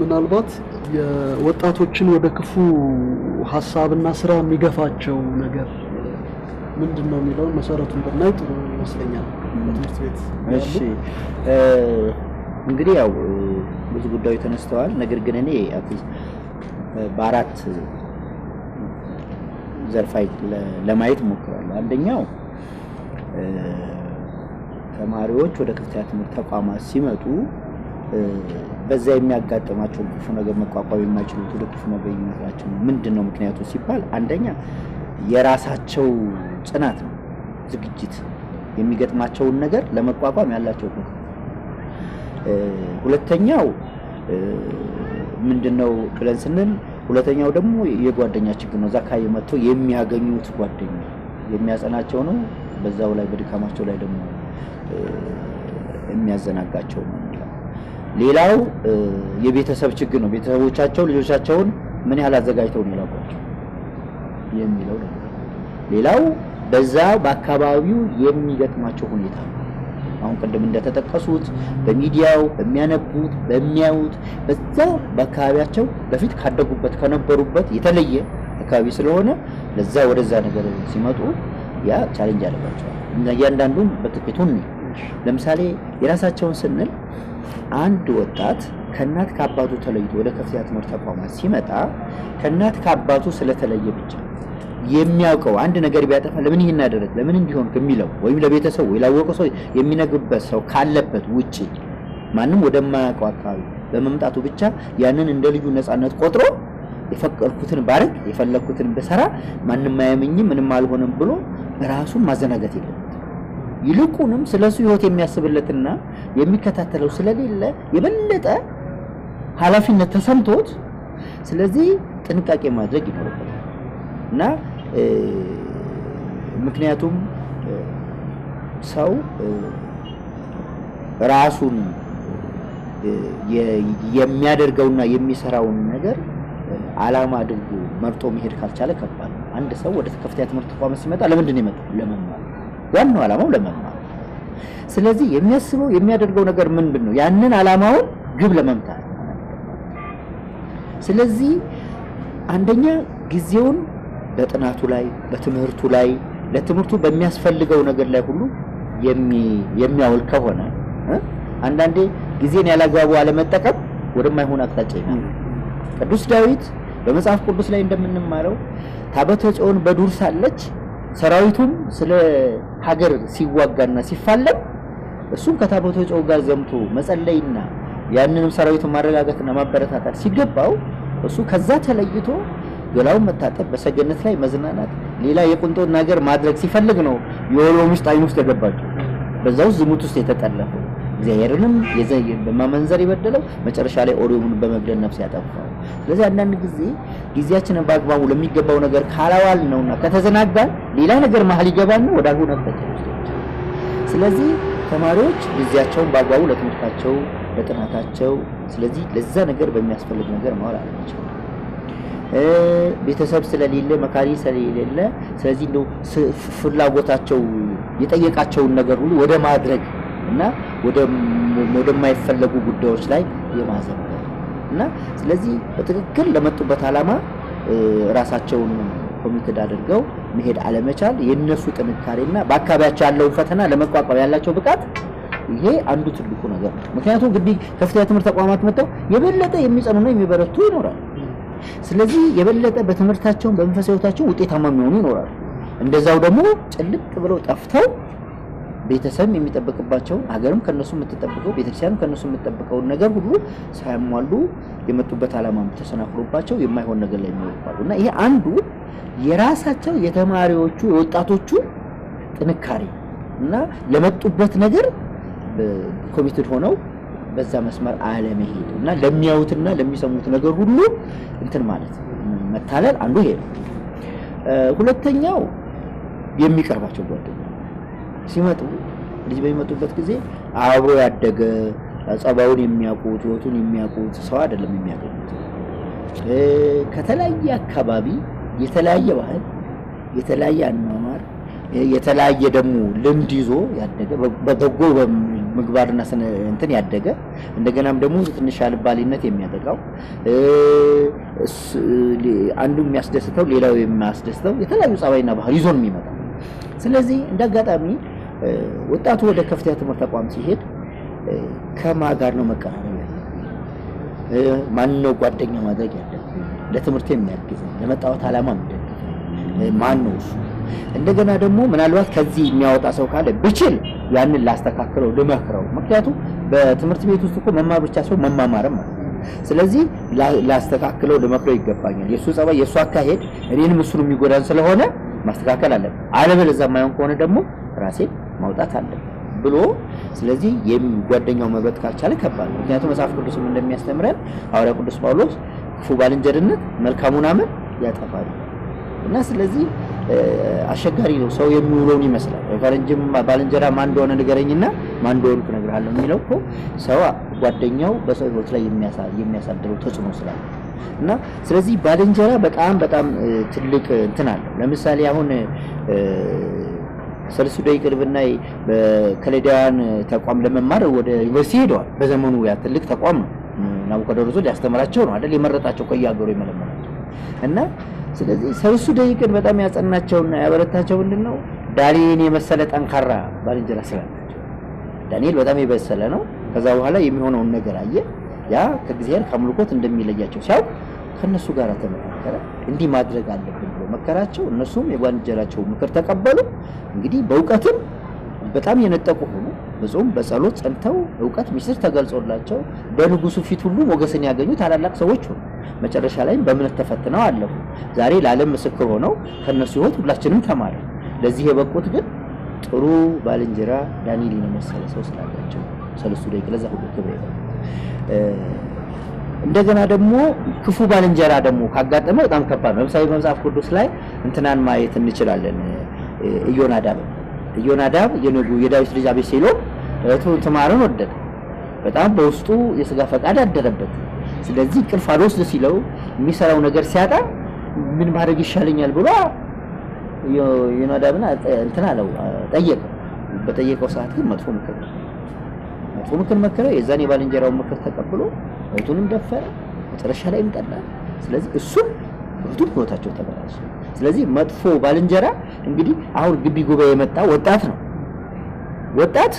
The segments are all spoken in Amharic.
ምናልባት የወጣቶችን ወደ ክፉ ሀሳብና ስራ የሚገፋቸው ነገር ምንድን ነው የሚለውን መሰረቱን ብናይ ጥሩ ይመስለኛል። ቤት እሺ፣ እንግዲህ ያው ብዙ ጉዳዮች ተነስተዋል። ነገር ግን እኔ በአራት ዘርፋይ ለማየት እሞክራለሁ። አንደኛው ተማሪዎች ወደ ከፍተኛ ትምህርት ተቋማት ሲመጡ በዛ የሚያጋጥማቸውን ክፉ ነገር መቋቋም የማይችሉት ወደ ክፉ ነገር የሚመራቸው ምንድን ነው ምክንያቱ ሲባል አንደኛ የራሳቸው ጽናት ነው፣ ዝግጅት የሚገጥማቸውን ነገር ለመቋቋም ያላቸው ነው። ሁለተኛው ምንድን ነው ብለን ስንል ሁለተኛው ደግሞ የጓደኛ ችግር ነው። እዛ አካባቢ መጥተው የሚያገኙት ጓደኛ የሚያጸናቸው ነው። በዛው ላይ በድካማቸው ላይ ደግሞ የሚያዘናጋቸው ነው። ሌላው የቤተሰብ ችግር ነው። ቤተሰቦቻቸው ልጆቻቸውን ምን ያህል አዘጋጅተው ነው የላኳቸው የሚለው ነው። ሌላው በዛ በአካባቢው የሚገጥማቸው ሁኔታ ነው። አሁን ቅድም እንደተጠቀሱት በሚዲያው በሚያነቡት በሚያዩት በዛ በአካባቢያቸው በፊት ካደጉበት ከነበሩበት የተለየ አካባቢ ስለሆነ ለዛ ወደዛ ነገር ሲመጡ ያ ቻሌንጅ አለባቸዋል። እያንዳንዱን በጥቂቱን ለምሳሌ የራሳቸውን ስንል አንድ ወጣት ከእናት ከአባቱ ተለይቶ ወደ ከፍተኛ ትምህርት ተቋማት ሲመጣ ከእናት ከአባቱ ስለተለየ ብቻ የሚያውቀው አንድ ነገር ቢያጠፋ ለምን ይህን አደረግ ለምን እንዲሆን ከሚለው ወይም ለቤተሰቡ ወይ ላወቀ ሰው የሚነግበት ሰው ካለበት ውጭ ማንም ወደማያውቀው አካባቢ በመምጣቱ ብቻ ያንን እንደ ልዩ ነፃነት ቆጥሮ የፈቀድኩትን ባረግ የፈለግኩትን ብሰራ ማንም አያመኝም ምንም አልሆነም ብሎ ራሱን ማዘናጋት የለም። ይልቁንም ስለ እሱ ህይወት የሚያስብለትና የሚከታተለው ስለሌለ የበለጠ ኃላፊነት ተሰምቶት ስለዚህ ጥንቃቄ ማድረግ ይኖርበታል እና ምክንያቱም ሰው ራሱን የሚያደርገውና የሚሰራውን ነገር አላማ አድርጎ መርጦ መሄድ ካልቻለ ከባድ ነው። አንድ ሰው ወደ ከፍተኛ ትምህርት ተቋማት ሲመጣ ለምንድን ነው የመጣው? ለመማር ዋናው ዓላማው ለመማር ስለዚህ የሚያስበው የሚያደርገው ነገር ምንድን ነው? ያንን ዓላማውን ግብ ለመምታት ስለዚህ አንደኛ ጊዜውን በጥናቱ ላይ፣ በትምህርቱ ላይ፣ ለትምህርቱ በሚያስፈልገው ነገር ላይ ሁሉ የሚያውል ከሆነ አንዳንዴ ጊዜን ያላግባቡ አለመጠቀም ወደማይሆን አቅጣጫ ይሆናል። ቅዱስ ዳዊት በመጽሐፍ ቅዱስ ላይ እንደምንማረው ታቦተ ጽዮን በዱር ሳለች ሰራዊቱም ስለ ሀገር ሲዋጋና ሲፋለም እሱም ከታቦተ ጨው ጋር ዘምቶ መጸለይና ያንንም ሰራዊቱን ማረጋጋትና ማበረታታት ሲገባው እሱ ከዛ ተለይቶ ገላውን መታጠብ፣ በሰገነት ላይ መዝናናት፣ ሌላ የቁንጦን ነገር ማድረግ ሲፈልግ ነው የወሎ ውስጥ አይን ውስጥ የገባቸው ዝሙት ውስጥ የተጠለፈው። እግዚአብሔርንም በማመንዘር የበደለው መጨረሻ ላይ ኦሪዮምን በመግደል ነፍስ ያጠፋው። ስለዚህ አንዳንድ ጊዜ ጊዜያችንን በአግባቡ ለሚገባው ነገር ካላዋል ነውና ከተዘናጋን ሌላ ነገር መሀል ይገባና ነበት። ስለዚህ ተማሪዎች ጊዜያቸውን በአግባቡ ለትምህርታቸው፣ ለጥናታቸው ስለዚህ ለዛ ነገር በሚያስፈልግ ነገር ማዋል አለባቸው። ቤተሰብ ስለሌለ መካሪ ስለሌለ ስለዚህ እንደው ፍላጎታቸው የጠየቃቸውን ነገር ሁሉ ወደ ማድረግ እና ወደማይፈለጉ ጉዳዮች ላይ የማዘንበር እና ስለዚህ በትክክል ለመጡበት ዓላማ ራሳቸውን ኮሚትድ አድርገው መሄድ አለመቻል የእነሱ ጥንካሬና በአካባቢያቸው ያለውን ፈተና ለመቋቋም ያላቸው ብቃት ይሄ አንዱ ትልቁ ነገር ነው። ምክንያቱም እንግዲህ ከፍተኛ ትምህርት ተቋማት መጥተው የበለጠ የሚጸኑና የሚበረቱ ይኖራል። ስለዚህ የበለጠ በትምህርታቸውን በመንፈሳዊታቸው ውጤታማ የሚሆኑ ይኖራል። እንደዛው ደግሞ ጭልቅ ብለው ጠፍተው ቤተሰብ የሚጠብቅባቸው ሀገርም ከነሱ የምትጠብቀው ቤተክርስቲያንም ከነሱ የምትጠብቀውን ነገር ሁሉ ሳያሟሉ የመጡበት ዓላማም ተሰናክሎባቸው የማይሆን ነገር ላይ የሚወድቋሉ እና ይሄ አንዱ የራሳቸው የተማሪዎቹ የወጣቶቹ ጥንካሬ እና ለመጡበት ነገር ኮሚትድ ሆነው በዛ መስመር አለመሄድ እና ለሚያዩትና ለሚሰሙት ነገር ሁሉ እንትን ማለት መታለል አንዱ ይሄ ነው። ሁለተኛው የሚቀርባቸው ጓደ ሲመጡ ልጅ በሚመጡበት ጊዜ አብሮ ያደገ ጸባውን የሚያውቁት ህይወቱን የሚያውቁት ሰው አይደለም የሚያገኙት። ከተለያየ አካባቢ የተለያየ ባህል፣ የተለያየ አኗኗር፣ የተለያየ ደግሞ ልምድ ይዞ ያደገ በበጎ ምግባርና ስነ እንትን ያደገ እንደገናም ደግሞ ትንሽ አልባሌነት የሚያጠቃው አንዱ የሚያስደስተው ሌላው የሚያስደስተው የተለያዩ ጸባይና ባህል ይዞ ነው የሚመጣው። ስለዚህ እንደ አጋጣሚ ወጣቱ ወደ ከፍተኛ ትምህርት ተቋም ሲሄድ ከማ ጋር ነው መቀራረብ ያለው? ማን ነው ጓደኛ ማድረግ ያለው? ለትምህርት የሚያግዘን ለመጣወት ዓላማ የሚደግፍ ማን ነው እሱ። እንደገና ደግሞ ምናልባት ከዚህ የሚያወጣ ሰው ካለ ብችል ያንን ላስተካክለው፣ ልመክረው። ምክንያቱም በትምህርት ቤት ውስጥ እኮ መማር ብቻ ሰው መማማርም አለ። ስለዚህ ላስተካክለው፣ ልመክረው ይገባኛል። የእሱ ጸባይ፣ የእሱ አካሄድ እኔንም እሱን የሚጎዳን ስለሆነ ማስተካከል አለብን። አለበለዚያ የማይሆን ከሆነ ደግሞ ራሴን ማውጣት አለ ብሎ ስለዚህ ጓደኛው መብረት ካልቻለ ከባድ ነው። ምክንያቱም መጽሐፍ ቅዱስም እንደሚያስተምረን ሐዋርያ ቅዱስ ጳውሎስ ክፉ ባልንጀርነት መልካሙን አመል ያጠፋል እና ስለዚህ አስቸጋሪ ነው። ሰው የሚውለውን ይመስላል። ፈረንጅም ባልንጀራ ማን እንደሆነ ንገረኝና ማን እንደሆንኩ እነግርሃለሁ የሚለው እኮ ሰው ጓደኛው በሰው ሕይወት ላይ የሚያሳድረው ተጽዕኖ ስላለ እና ስለዚህ ባልንጀራ በጣም በጣም ትልቅ እንትን አለው። ለምሳሌ አሁን ሰልሱ ደ ይቅርብና በከሌዳውያን ተቋም ለመማር ወደ ዩኒቨርሲቲ ሄደዋል። በዘመኑ ያ ትልቅ ተቋም ነው። ናቡከደነጾር ሊያስተምራቸው ነው አይደል? የመረጣቸው ከየሀገሩ የመለመናቸው እና ስለዚህ ሰልስዶ ይቅር በጣም ያጸናቸውና ያበረታቸው ምንድን ነው? ዳንኤልን የመሰለ ጠንካራ ባልንጀራ ስላላቸው። ዳንኤል በጣም የበሰለ ነው። ከዛ በኋላ የሚሆነውን ነገር አየ። ያ ከእግዚአብሔር ከአምልኮት እንደሚለያቸው ሲያውቅ ከእነሱ ጋር ተመካከረ። እንዲህ ማድረግ አለብን መከራቸው። እነሱም የጓንጀላቸው ምክር ተቀበሉ። እንግዲህ በእውቀትም በጣም የነጠቁ ሆኑ። ብዙም በጸሎት ጸንተው እውቀት ምስጢር ተገልጾላቸው በንጉሱ ፊት ሁሉ ሞገስን ያገኙ ታላላቅ ሰዎች ሆኑ። መጨረሻ ላይም በእምነት ተፈትነው አለፉ። ዛሬ ለዓለም ምስክር ሆነው ከነሱ ህይወት ሁላችንም ተማረ። ለዚህ የበቁት ግን ጥሩ ባልንጀራ ዳንኤልን የመሰለ ሰው ስላላቸው ሰለስቱ ደቂቅ ለዛ ሁሉ ክብር እንደገና ደግሞ ክፉ ባልንጀራ ደግሞ ካጋጠመ በጣም ከባድ ነው። ለምሳሌ በመጽሐፍ ቅዱስ ላይ እንትናን ማየት እንችላለን። ኢዮናዳብ ኢዮናዳብ የነጉ የዳዊት ልጅ አቤሴሎ እቱ ትማርን ወደደ። በጣም በውስጡ የስጋ ፈቃድ አደረበት። ስለዚህ ቅልፍ አልወስድ ሲለው የሚሰራው ነገር ሲያጣ ምን ማድረግ ይሻለኛል ብሎ ዮናዳብን እንትን አለው ጠየቀ። በጠየቀው ሰዓት ግን መጥፎ ምክር መጥፎ ምክር መከረው። የዛን የባልንጀራውን ምክር ተቀብሎ እህቱንም ደፈረ፣ መጨረሻ ላይም ጠላ። ስለዚህ እሱም እህቱም ህይወታቸው ተበላሸ። ስለዚህ መጥፎ ባልንጀራ እንግዲህ አሁን ግቢ ጉባኤ የመጣ ወጣት ነው። ወጣት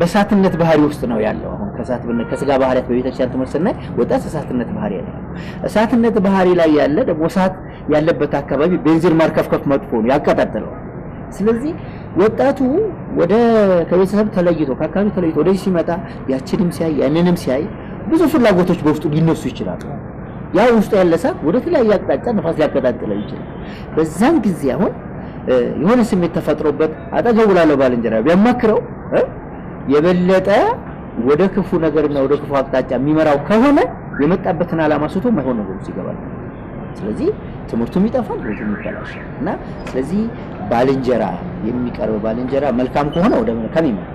በእሳትነት ባህሪ ውስጥ ነው ያለው። አሁን ከእሳት ከስጋ ባህሪያት በቤተክርስቲያን ትምህርት ስናይ ወጣት እሳትነት ባህሪ ያለው እሳትነት ባህሪ ላይ ያለ ደግሞ እሳት ያለበት አካባቢ ቤንዚን ማርከፍከፍ መጥፎ ነው፣ ያቀጣጥለዋል። ስለዚህ ወጣቱ ወደ ከቤተሰብ ተለይቶ ከአካባቢ ተለይቶ ወደዚህ ሲመጣ ያችንም ሲያይ ያንንም ሲያይ ብዙ ፍላጎቶች በውስጡ ሊነሱ ይችላሉ። ያ ውስጡ ያለ እሳት ወደ ተለያየ አቅጣጫ ነፋስ ሊያቀጣጥለው ይችላል። በዛን ጊዜ አሁን የሆነ ስሜት ተፈጥሮበት አጠገቡ ላለው ባልንጀራ ቢያማክረው የበለጠ ወደ ክፉ ነገርና ወደ ክፉ አቅጣጫ የሚመራው ከሆነ የመጣበትን ዓላማ ስቶ ማይሆን ነገር ውስጥ ይገባል። ስለዚህ ትምህርቱም ይጠፋል፣ ወይም ይበላሻል እና ስለዚህ ባልንጀራ የሚቀርብ ባልንጀራ መልካም ከሆነ ወደ መልካም ይመራል።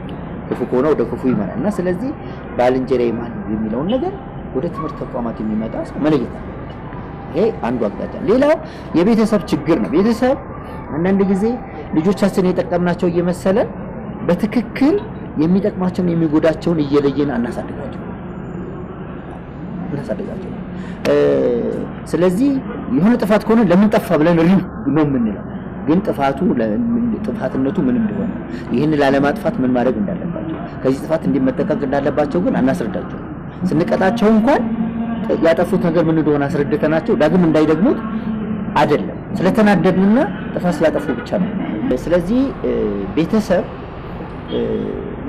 ክፉ ከሆነ ወደ ክፉ ይመራል እና ስለዚህ ባልንጀራዬ ማን ነው የሚለውን ነገር ወደ ትምህርት ተቋማት የሚመጣ ሰው መለየት አለበት። ይሄ አንዱ አቅጣጫ። ሌላው የቤተሰብ ችግር ነው። ቤተሰብ አንዳንድ ጊዜ ልጆቻችን የጠቀምናቸው እየመሰለ በትክክል የሚጠቅማቸውን የሚጎዳቸውን እየለየን አናሳድጋቸው እናሳድጋቸው። ስለዚህ የሆነ ጥፋት ከሆነ ለምን ጠፋ ብለን ሪ ነው የምንለው፣ ግን ጥፋቱ ጥፋትነቱ ምን እንደሆነ ይህን ላለማጥፋት ምን ማድረግ እንዳለብን አለባቸው። ከዚህ ጥፋት እንዲመጠቀቅ እንዳለባቸው ግን አናስረዳቸው። ስንቀጣቸው እንኳን ያጠፉት ነገር ምን እንደሆነ አስረድተናቸው ዳግም እንዳይደግሙት አይደለም ስለተናደድንና ጥፋት ስላጠፉ ብቻ ነው። ስለዚህ ቤተሰብ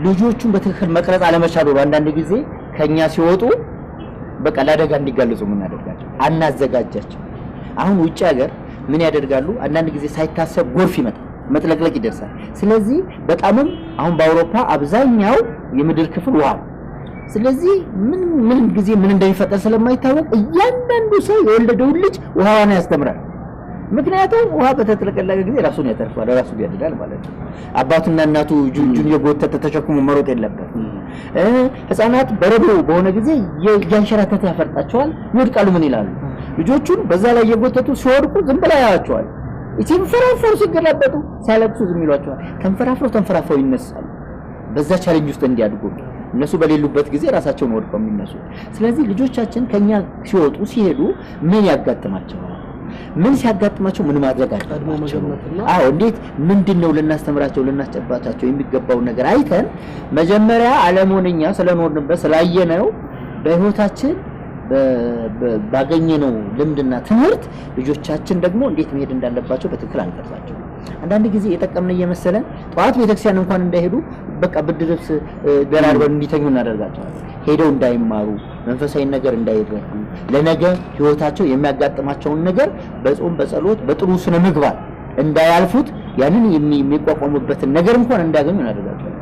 ልጆቹን በትክክል መቅረጽ አለመቻሉ አንዳንድ ጊዜ ከኛ ሲወጡ በቃ ለአደጋ እንዲጋለጹ የምናደርጋቸው አናዘጋጃቸው። አሁን ውጭ ሀገር ምን ያደርጋሉ? አንዳንድ ጊዜ ሳይታሰብ ጎርፍ ይመጣል። መጥለቅለቅ ይደርሳል። ስለዚህ በጣምም አሁን በአውሮፓ አብዛኛው የምድር ክፍል ውሃ ነው። ስለዚህ ምን ምን ጊዜ ምን እንደሚፈጠር ስለማይታወቅ እያንዳንዱ ሰው የወለደውን ልጅ ውሃዋን ያስተምራል። ምክንያቱም ውሃ በተጥለቀለቀ ጊዜ ራሱን ያተርፋል፣ ራሱ ያድዳል ማለት ነው። አባቱና እናቱ እጁን የጎተተ ተሸክሞ መሮጥ የለበት። ህፃናት በረዶ በሆነ ጊዜ እያንሸራተተ ያፈርጣቸዋል፣ ይወድቃሉ። ምን ይላሉ? ልጆቹን በዛ ላይ እየጎተቱ ሲወድቁ ዝም ብላ ያያቸዋል። ሲንፈራፈሩ ሲገላበጡ ሲያለቅሱ ዝም ይሏቸዋል። ተንፈራፍረው ተንፈራፍረው ይነሳሉ። በዛ ቻሌንጅ ውስጥ እንዲያድጉ እነሱ በሌሉበት ጊዜ ራሳቸውን ወድቀው የሚነሱ። ስለዚህ ልጆቻችን ከኛ ሲወጡ ሲሄዱ ምን ያጋጥማቸዋል? ምን ሲያጋጥማቸው ምን ማድረግ አለባቸው? አዎ እንዴት ምንድን ነው ልናስተምራቸው ልናስጨባታቸው የሚገባውን ነገር አይተን መጀመሪያ ዓለሙን እኛ ስለኖርንበት ስላየነው በህይወታችን ባገኘነው ልምድና ትምህርት ልጆቻችን ደግሞ እንዴት መሄድ እንዳለባቸው በትክክል አንቀርጻቸው። አንዳንድ ጊዜ የጠቀምን እየመሰለን ጠዋት ቤተክርስቲያን እንኳን እንዳይሄዱ በቃ ብርድ ልብስ ደራርበን እንዲተኙ እናደርጋቸዋለን። ሄደው እንዳይማሩ፣ መንፈሳዊ ነገር እንዳይረዱ፣ ለነገ ህይወታቸው የሚያጋጥማቸውን ነገር በጾም በጸሎት በጥሩ ስነ ምግባር እንዳያልፉት ያንን የሚቋቋሙበትን ነገር እንኳን እንዳያገኙ እናደርጋቸዋለን።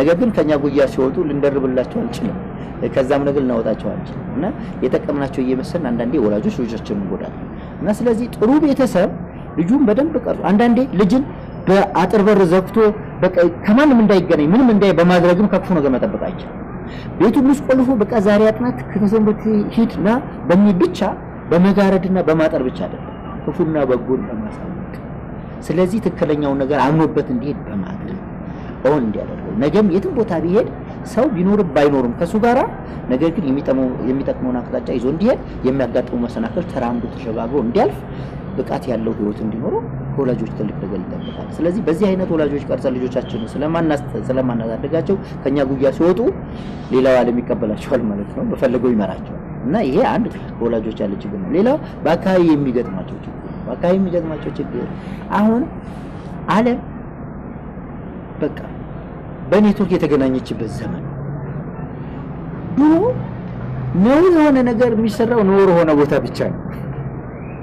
ነገር ግን ከኛ ጉያ ሲወጡ ልንደርብላቸው አልችልም። ከዛም ነገር ልናወጣቸዋል እና የጠቀምናቸው እየመሰልን አንዳንዴ ወላጆች ልጆችን እንጎዳለን እና ስለዚህ ጥሩ ቤተሰብ ልጁን በደንብ ቀርጾ አንዳንዴ ልጅን በአጥር በር ዘግቶ ከማንም እንዳይገናኝ ምንም እንዳይ በማድረግም ከክፉ ነገር መጠበቅ አይቻልም። ቤቱ ውስጥ ቆልፎ በቃ ዛሬ አጥናት ከተሰንበት ሂድና በሚል ብቻ በመጋረድና በማጠር ብቻ አይደለም፣ ክፉና በጎን በማሳወቅ ስለዚህ ትክክለኛውን ነገር አምኖበት እንዲሄድ በማድረግ እውን እንዲያደርገው ነገም የትም ቦታ ቢሄድ ሰው ቢኖርም ባይኖርም ከእሱ ጋራ ነገር ግን የሚጠቅመውን አቅጣጫ ይዞ እንዲሄድ የሚያጋጥሙ መሰናክል ተራምዶ ተሸጋግሮ እንዲያልፍ ብቃት ያለው ህይወት እንዲኖረው ከወላጆች ትልቅ ነገር ይጠበቃል። ስለዚህ በዚህ አይነት ወላጆች ቀርጸ ልጆቻችን ስለማናሳድጋቸው ከኛ ጉያ ሲወጡ ሌላው ዓለም ይቀበላቸዋል ማለት ነው፣ በፈለገው ይመራቸው እና ይሄ አንድ ከወላጆች ያለ ችግር ነው። ሌላው በአካባቢ የሚገጥማቸው ችግር በአካባቢ የሚገጥማቸው ችግር አሁን ዓለም በቃ በኔትወርክ የተገናኘችበት ዘመን ድሮ ነውር የሆነ ነገር የሚሰራው ኖር የሆነ ቦታ ብቻ ነው።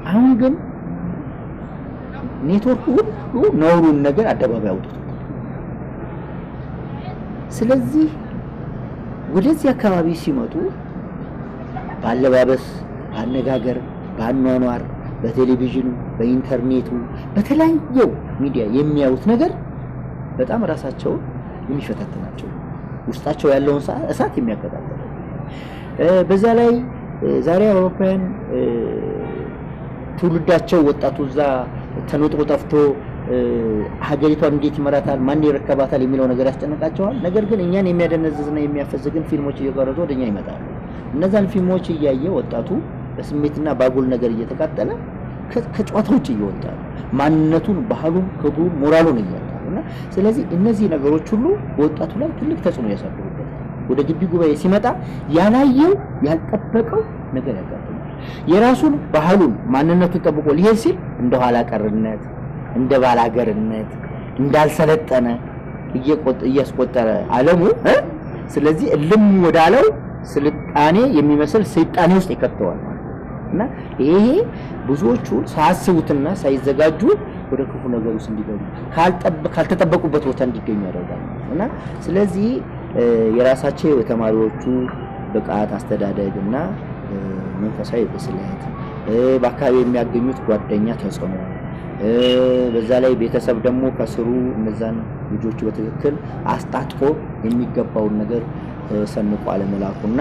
አሁን ግን ኔትወርክ ሁሉ ነውሩን ነገር አደባባይ አውጥቶ ስለዚህ ወደዚህ አካባቢ ሲመጡ በአለባበስ፣ በአነጋገር፣ በአኗኗር፣ በቴሌቪዥኑ፣ በኢንተርኔቱ፣ በተለያየው ሚዲያ የሚያዩት ነገር በጣም ራሳቸውን የሚፈታተናቸው ውስጣቸው ያለውን እሳት የሚያቀጣጥል በዛ ላይ ዛሬ አውሮፓውያን ትውልዳቸው ወጣቱ እዛ ተነጥቆ ጠፍቶ ሀገሪቷን እንዴት ይመራታል፣ ማን ይረከባታል የሚለው ነገር ያስጨንቃቸዋል። ነገር ግን እኛን የሚያደነዝዝና የሚያፈዝግን ፊልሞች እየቀረጹ ወደኛ ይመጣሉ። እነዛን ፊልሞች እያየ ወጣቱ በስሜትና በአጉል ነገር እየተቃጠለ ከጨዋታ ውጭ እየወጣ ማንነቱን፣ ባህሉን፣ ክብሩን፣ ሞራሉን እያለ ስለዚህ እነዚህ ነገሮች ሁሉ በወጣቱ ላይ ትልቅ ተጽዕኖ ያሳድሩበታል። ወደ ግቢ ጉባኤ ሲመጣ ያላየው ያልጠበቀው ነገር ያጋጥማል። የራሱን ባህሉን ማንነቱን ጠብቆ ሊሄድ ሲል እንደ ኋላ ቀርነት፣ እንደ ባላገርነት፣ እንዳልሰለጠነ እያስቆጠረ አለሙ ስለዚህ እልም ወዳለው ስልጣኔ የሚመስል ስልጣኔ ውስጥ ይከተዋል ማለት እና ይሄ ብዙዎቹ ሳያስቡትና ሳይዘጋጁ ወደ ክፉ ነገር ውስጥ እንዲገቡ ካልተጠበቁበት ቦታ እንዲገኙ ያደርጋል እና ስለዚህ የራሳቸው የተማሪዎቹ ብቃት አስተዳደግ እና መንፈሳዊ ብስለት በአካባቢ የሚያገኙት ጓደኛ ተጽዕኖ በዛ ላይ ቤተሰብ ደግሞ ከስሩ እነዛን ልጆቹ በትክክል አስጣጥቆ የሚገባውን ነገር ሰንቆ አለመላኩና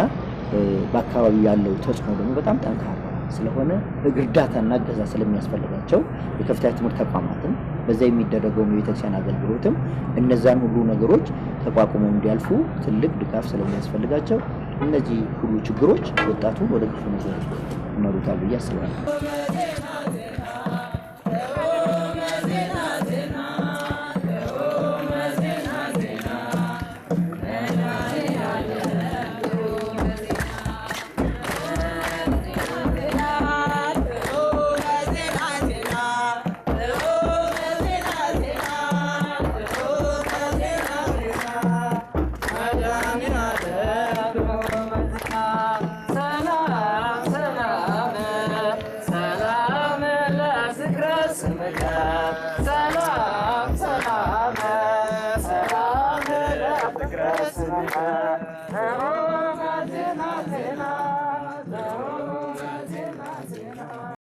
በአካባቢው ያለው ተጽዕኖ ደግሞ በጣም ጠንካራ ስለሆነ እርዳታና እገዛ ስለሚያስፈልጋቸው የከፍተኛ ትምህርት ተቋማትም በዛ የሚደረገውም የቤተክርስቲያን አገልግሎትም እነዛን ሁሉ ነገሮች ተቋቁመው እንዲያልፉ ትልቅ ድጋፍ ስለሚያስፈልጋቸው እነዚህ ሁሉ ችግሮች ወጣቱን ወደ ክፉ ነገር ይመሩታል ብዬ አስባለሁ።